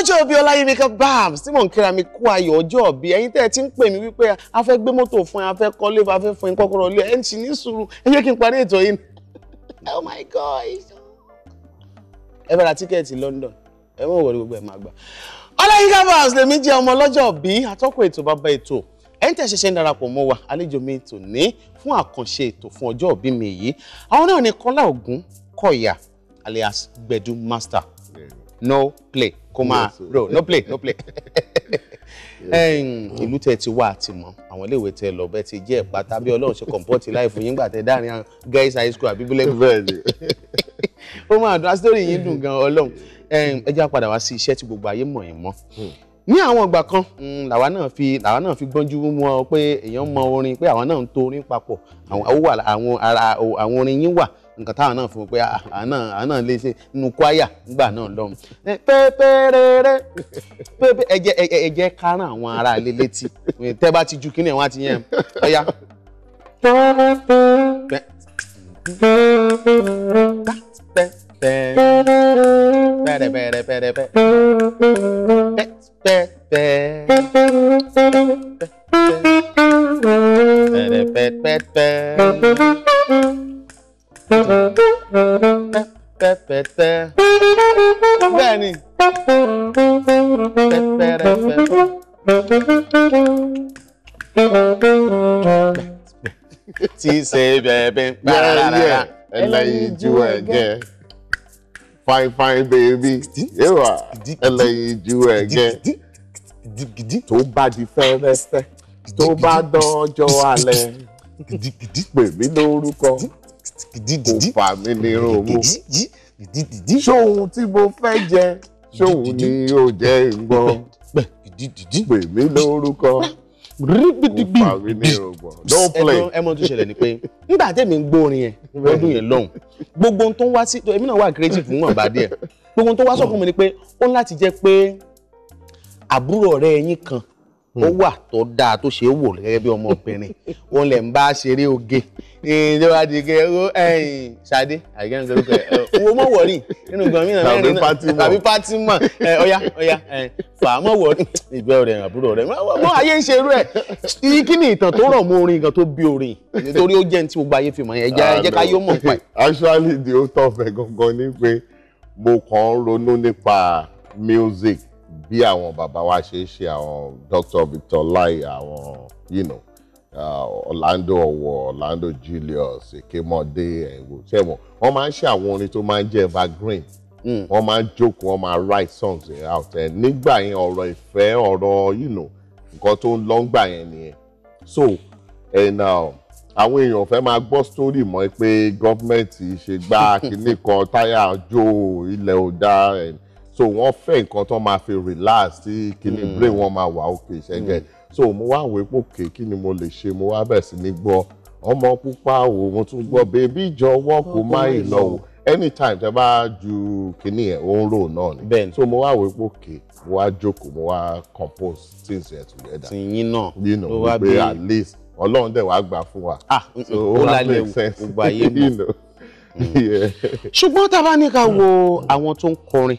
lọ́jọ́ òbí ọláyímíkà babs tí mò ń kíra mi kú ayọ̀ ọjọ́ òbí ẹ̀yin tẹ́ ẹ ti ń pè mí wípé a fẹ́ gbé mọ́tò fún ẹ a fẹ́ kọ́lé a fẹ́ fún ẹ kọ́kọ́rọ́ ilé ẹ̀ ń ṣì ní sùúrù ẹ jẹ́ kí n parí ètò yìí. oh my god. ẹ bá ra tíkẹ́ẹ̀tì London ẹ mọ̀ wọlé gbogbo ẹ̀ máa gbà. ọláyímíkà babs lèmi jẹ́ ọmọ lọ́jọ́ òbí atọ́kùn ètò bàbá ètò ẹ̀yin tẹ́ ṣẹ̀ṣẹ̀ ń darapọ̀ mọ́ wa àlejò mi tòní fún àkànṣe ètò fún ọjọ́ òbí mi yìí àwọn náà ni Kọ́lá Ògúnkọ̀yà alias Gbẹ̀du master no play kó máa no play no play ìlú tẹ ti wá àti mọ àwọn iléèwé tẹ lọ bẹ́ẹ̀ ti jẹ ẹpà tàbí Ọlọ́run ṣe kọmpọtì láì fún yín gbà tẹ dáàrin àwọn guys high school àbí bílẹ̀ ó máa dùn àsítórì yín dùn gan Ọlọ́run ẹ já padà wá sí iṣẹ́ tí gbogbo ayé mọ̀ ẹ́ mọ́ hmm. ní àwọn ìgbà kan hmm, làwa náà fi làwa náà fi gbọ́njú mú ọ pé èèyàn mọ orin pé àwọn náà ń to orin papọ̀ àwọn ara àwọn orin yín wà nǹkan táwọn náà fún un pé ah, àná àná lè ṣe nínú kwaya nígbà náà lọ́hùn. pépéréré pépé ẹjẹ ẹjẹ kárán àwọn ará ilé létí tẹ́ bá ti ju kíní ẹ̀ wọ́n á ti yẹn ọ̀ya. pẹ́rẹ́ pẹ́rẹ́ pẹ́rẹ́ pẹ́ pẹ́ pẹ́ pẹ́ pẹ́ pẹpẹtẹ bẹ́ẹ̀ ni pẹpẹrẹpẹ. tí ṣe bẹ̀bẹ̀ pàràrà ẹlẹ́yinjú ẹ̀gẹ́ fine fine baby ewa ẹlẹ́yinjú ẹ̀gẹ́ tó bá di fẹ́rẹ́fẹ́ tó bá dánjọ́ alẹ́ pè mí lórúkọ kò fà mí ní ròmù ṣóhun tí mo fẹ́ jẹ ṣóhun ni yóò jẹ́ ìgbọ́ pè mí lórúkọ kò fà mí ní ròmù don't play. tó ṣẹlẹ̀ ni pé nígbà tẹ̀mí ń gbórin yẹn lọ́dún yẹn lọ́hùn gbogbo tó wá sí èmi náà wà creative wọn bá díẹ̀ gbogbo tó wá sọ fún mi ni pé ó ń láti jẹ́ pé àbúrò ọ̀rẹ́ ẹ̀yin kan ó wà tó dáa tó ṣe é wò gẹ́gẹ́ bí ọmọbìnrin òun lẹ̀ ń bá ṣeré oge ìjọba ti kẹ ẹyìn Ṣadé àgbẹ̀rún tó lókè owó mọ̀ wọ̀rí nínú gómìnà mẹ́rin náà tàbí Fatima ọ̀yá ọ̀yá fàámọ̀ wọ̀rí ìgbẹ́ rẹ̀ àbúrò rẹ̀ mọ́ ayé ń ṣe irú ẹ̀ kí ni ìtàn tó rọ̀ mọ́ orin kan tó bí orin nítorí ó jẹ́ ní tí gbogbo ayé fi mọ̀ yẹn ẹ̀jẹ̀ ká yóò mọ̀ pa ẹ̀. actually the whole topic gangan ni pé mo kàn ronú nípa music bí àwọn bàbá wa ṣe ń ṣe àwọn Dr. Victor Lai àwọn you know, uh, Orlando Owo Orlando Julius Ekemode ẹ̀wò ṣẹ́wọ̀n wọ́n máa ń ṣe àwọn orin tó máa ń jẹ́ evergreen hmm. wọ́n máa ń jókòó wọ́n máa write songs out ẹ̀ nígbà yẹn ọ̀rọ̀ ìfẹ́ ọ̀rọ̀ you know, nǹkan tó ń lọ ńgbà yẹn nìyẹn so and uh, àwọn èèyàn fẹ́ máa gbọ́ sítórì mọ́ pé gọ́fìmẹ̀ntì ṣe gbá kinní kan táyà jó ilẹ̀ ò dáa so wọ́n fẹ́ nǹkan tó máa fi relax tí kìíní mm. brain wọn máa wà òkè ṣẹ́gẹ́ mm. so mo wá wò pé òkè kí ni mo lè ṣe mo wá bẹ̀rẹ̀ sí ní gbọ́ ọmọ pupa wo mo tún gbọ́ bèbí jọ̀wọ́ kò má ìlọ́wọ́ anytime tẹ bá ju kìíní ẹ̀ ó ń rò náà ni so mo wá wò pé òkè mo wá jókòó mo wá compose things yẹn together tìyín náà ló wá bí at least ọlọ́run dẹ̀ wá gbà fún wa ah, so ó lálẹ́ ògbà yé mọ́ ṣùgbọ́n tá a bá ní ká hmm. wo àwọn tó ń kọrin